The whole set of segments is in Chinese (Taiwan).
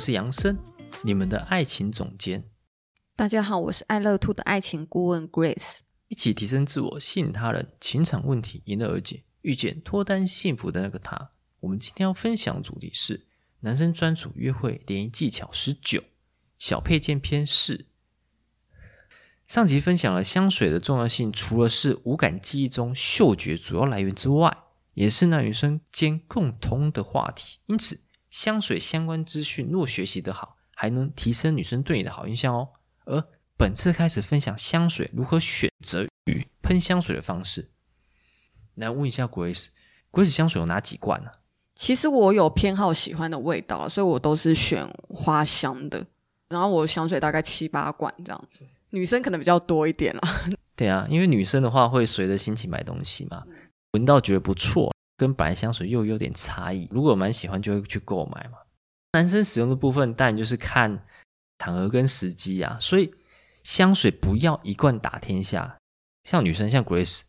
我是楊森，你們的愛情總監。大家好，我是愛樂 Two 的愛情顧問 Grace。一起提升自我，吸引他人，情場問題迎刃而解，遇見脫單幸福的那個他。我們今天要分享的主題是男生專屬約會聯誼技巧十九，小配件篇四。上集分享了香水的重要性，除了是五感記憶中嗅覺主要來源之外，也是男女生間共通的話題，因此，香水相關資訊，若學習得好，還能提升女生對你的好印象哦。而本次開始分享香水如何選擇與噴香水的方式。來問一下 Grace，Grace 香水有哪幾罐呢、啊？其實我有偏好喜歡的味道，所以我都是選花香的。然後我香水大概七八罐這樣子，女生可能比較多一點啦。對啊，因為女生的話會隨着心情買東西嘛，聞到覺得不錯。跟本來香水又有點差異，如果蠻喜歡就會去購買嘛。男生使用的部分當然就是看場合跟時機啊，所以香水不要一罐打天下。像女生像 Grace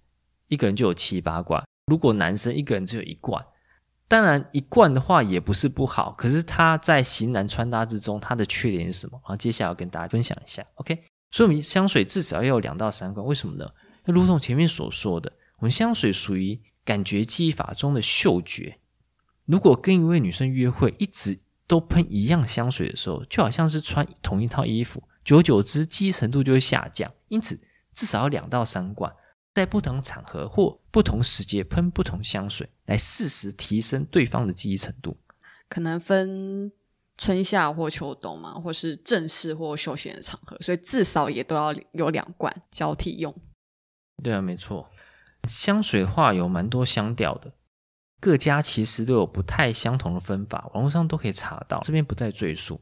一個人就有七八罐，如果男生一個人只有一罐，當然一罐的話也不是不好，可是它在型男穿搭之中，它的缺點是什麼？好，接下來我要跟大家分享一下。OK，所以香水至少要有兩到三罐，為什麼呢？那如同前面所說的，我們香水屬於。感覺記憶法中的嗅覺，如果跟一位女生約會一直都噴一樣香水的時候，就好像是穿同一套衣服，久而久之記憶程度就會下降。因此，至少要兩到三罐，在不同場合或不同時間噴不同香水，來適時提升對方的記憶程度。可能分春夏或秋冬嘛，或是正式或休閒的場合，所以至少也都要有兩罐交替用。對啊，沒錯。香水的話有蠻多香調的，各家其實都有不太相同的分法，網絡上都可以查到，這邊不再贅述。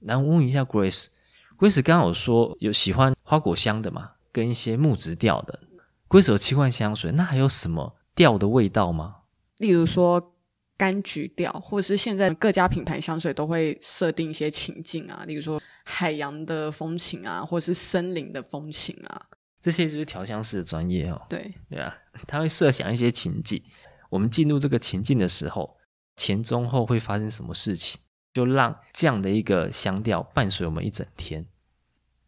來，我問一下 Grace，Grace 剛 Grace 好有說有喜歡花果香的嘛，跟一些木質調的。Grace 有期換香水，那還有什麼調的味道嗎？例如說柑橘調，或者是現在各家品牌香水都會設定一些情境啊，例如說海洋的風情啊，或者是森林的風情啊。這些就是調香師的專業哦。對，對對啊，他會設想一些情境，我們進入這個情境的時候，前中後會發生什麼事情，就讓這樣的一個香調伴隨我們一整天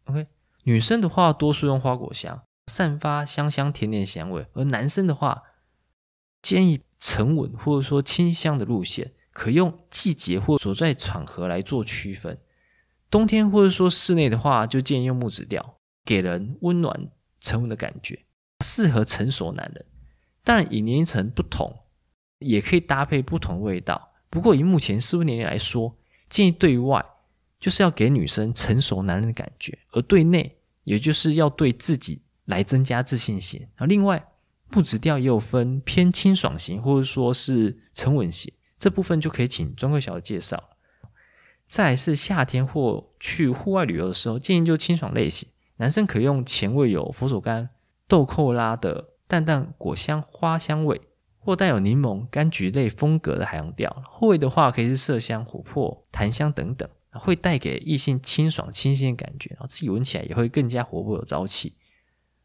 OK。OK，女生的話，多數用花果香，散發香香甜甜香味；而男生的話，建議沉穩或者說清香的路線，可用季節或者所在場合來做區分。冬天或者說室內的話，就建議用木質調，給人溫暖。沉穩的感覺，適合成熟男人。當然，以年齡層不同，也可以搭配不同味道。不過，以目前歲數年齡來說，建議對外就是要給女生成熟男人的感覺，而對內也就是要對自己來增加自信心。然後另外，木質調也有分偏清爽型，或者說是沉穩型。這部分就可以請專櫃小姐介紹了。再來是夏天或去戶外旅遊的時候，建議就清爽類型。男生可用前味有佛手柑、豆蔻拉的淡淡果香花香味，或帶有檸檬、柑橘類風格的海洋調。後味的話可以是麝香、琥珀、檀香等等，會帶給異性清爽、清新的感覺，然後自己聞起來也會更加活潑有朝氣。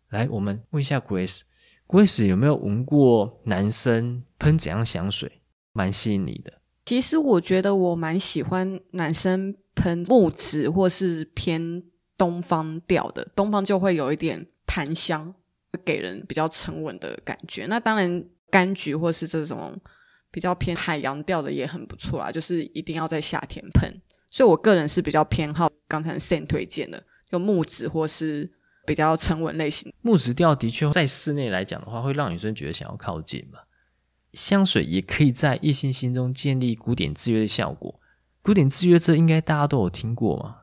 來，我們問一下 Grace，Grace Grace, 有沒有聞過男生噴怎樣香水？蠻吸引你的。其實我覺得我蠻喜歡男生噴木質或是偏。東方調的東方就會有一點檀香，會給人比較沉穩的感覺。那當然，柑橘或是這種比較偏海洋調的也很不錯啦，就是一定要在夏天噴。所以我個人是比較偏好剛才 Sam 推薦的，就木質或是比較沉穩類型。木質調的確在室內來講的話，會讓女生覺得想要靠近嘛。香水也可以在異性心中建立古典制約的效果。古典制約這應該大家都有聽過嘛？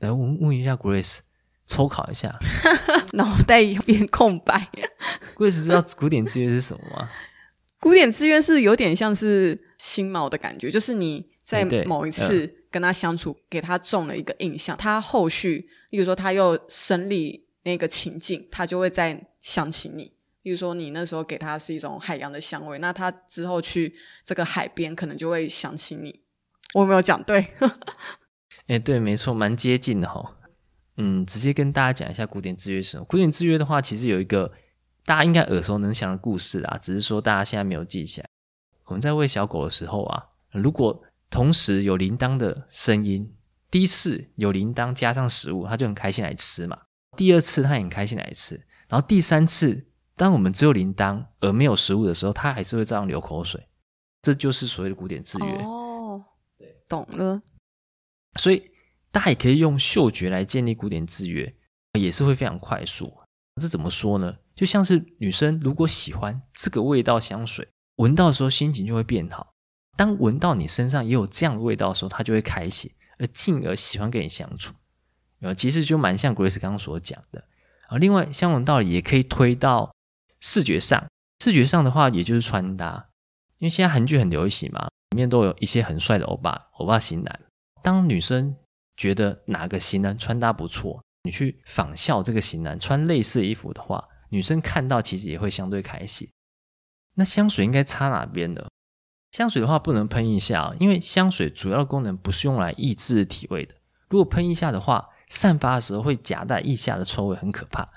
來問問一下 Grace，抽考一下， 腦袋一片空白。 Grace 知道古典資源是什麼嗎？ 古典資源是有點像是心錨的感覺，就是你在某一次跟他相處，給他中了一個印象，欸呃、他後續，比如說他又生理那個情境，他就會再想起你。比如說你那時候給他是一種海洋的香味，那他之後去這個海邊，可能就會想起你。我有沒有講對？ 哎，對，沒錯，蠻接近的吼、哦，嗯，直接跟大家講一下古典制約是什麼。古典制約的話，其實有一個大家應該耳熟能詳的故事啊，只是說大家現在沒有記起來。我們在餵小狗的時候啊，如果同時有鈴鐺的聲音，第一次有鈴鐺加上食物，它就很開心來吃嘛。第二次它也很開心來吃，然後第三次，當我們只有鈴鐺而沒有食物的時候，它還是會這樣流口水。這就是所謂的古典制約哦。對，懂了。所以大家也可以用嗅覺來建立古典制約，也是會非常快速。這怎麼說呢？就像是女生如果喜歡這個味道香水，聞到的時候心情就會變好。當聞到你身上也有這樣的味道的時候，她就會開心，而進而喜歡跟你相處。呃，其實就蠻像 Grace 剛剛所講的。而另外相同道理也可以推到視覺上，視覺上的話，也就是穿搭。因為現在韓劇很流行嘛，裡面都有一些很帥的歐巴，歐巴型男。當女生覺得哪個型男穿搭不錯，你去仿效這個型男穿類似的衣服的話，女生看到其實也會相對開心。那香水應該擦哪邊呢？香水的話不能噴腋下啊，因為香水主要的功能不是用來抑制體味的。如果噴腋下的話，散發的時候會夾帶腋下的臭味，很可怕。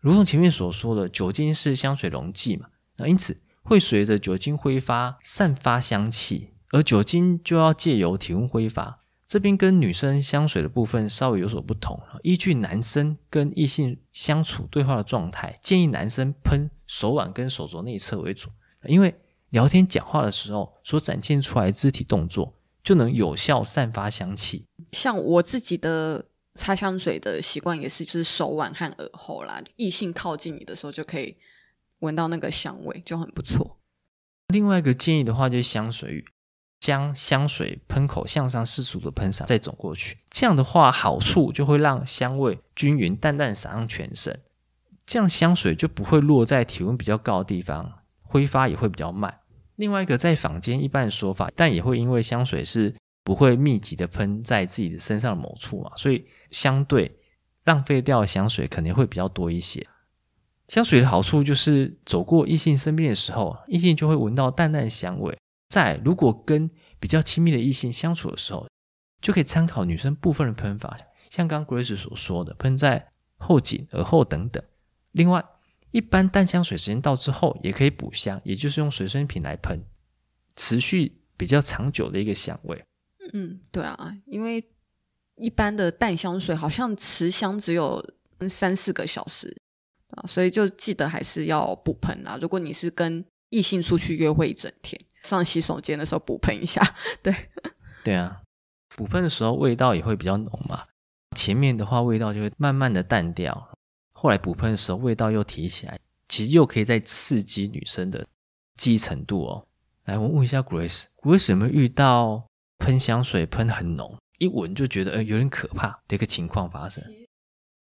如同前面所說的，酒精是香水溶劑嘛，那因此會隨着酒精揮發散發香氣，而酒精就要借由體溫揮發。這邊跟女生香水的部分稍微有所不同，依據男生跟異性相處對話的狀態，建議男生噴手腕跟手肘內側為主，因為聊天講話的時候所展現出來的肢體動作，就能有效散發香氣。像我自己的擦香水的習慣也是，就是手腕和耳後啦。異性靠近你的時候，就可以聞到那個香味，就很不錯。另外一個建議的話，就是香水雨將香水噴口向上，四處的噴灑，再走過去，這樣的話好處就會讓香味均勻、淡淡灑上全身，這樣香水就不會落在體溫比較高的地方，揮發也會比較慢。另外一個在坊間一般的說法，但也會因為香水是不會密集的噴在自己的身上的某處嘛，所以相對浪費掉的香水肯定會比較多一些。香水的好處就是走過異性身邊的時候，異性就會聞到淡淡的香味。在如果跟比較親密的異性相處的時候，就可以參考女生部分的噴法，像剛剛 Grace 所說的，噴在後頸、耳後等等。另外，一般淡香水時間到之後也可以補香，也就是用隨身品來噴，持續比較長久的一個香味。嗯，對啊，因為一般的淡香水好像持香只有三四個小時啊，所以就記得還是要補噴啊。如果你是跟異性出去約會一整天。上洗手間的時候補噴一下，對，對啊，補噴的時候味道也會比較濃嘛。前面的話味道就會慢慢的淡掉，後來補噴的時候味道又提起來，其實又可以再刺激女生的記憶程度哦。來，我問一下 Grace，為什麼遇到噴香水噴很濃，一聞就覺得呃有點可怕的一個情況發生？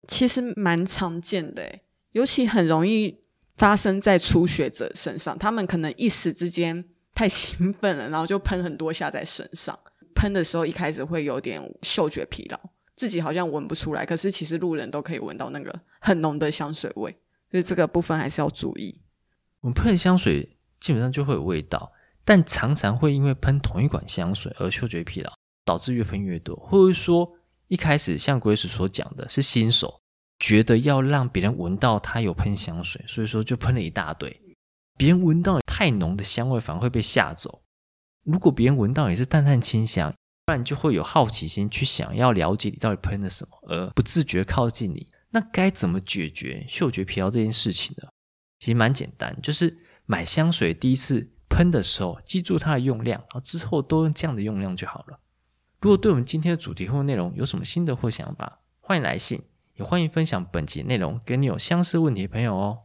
其實蠻常見的，尤其很容易發生在初學者身上，他們可能一時之間。太興奮了，然後就噴很多下在身上。噴的時候一開始會有點嗅覺疲勞，自己好像聞不出來，可是其實路人都可以聞到那個很濃的香水味，所以這個部分還是要注意。我們噴香水基本上就會有味道，但常常會因為噴同一款香水而嗅覺疲勞，導致越噴越多。或者說一開始像 Grace 所講的是新手覺得要讓別人聞到他有噴香水，所以說就噴了一大堆。別人聞到太濃的香味，反而會被嚇走。如果別人聞到也是淡淡清香，不然就會有好奇心去想要了解你到底噴了什麼，而不自覺靠近你。那該怎麼解決嗅覺疲勞這件事情呢？其實蠻簡單，就是買香水第一次噴的時候記住它的用量，然後之後都用這樣的用量就好了。如果對我們今天的主題或內容有什麼心得或想法，歡迎來信，也歡迎分享本集內容給你有相似問題的朋友哦。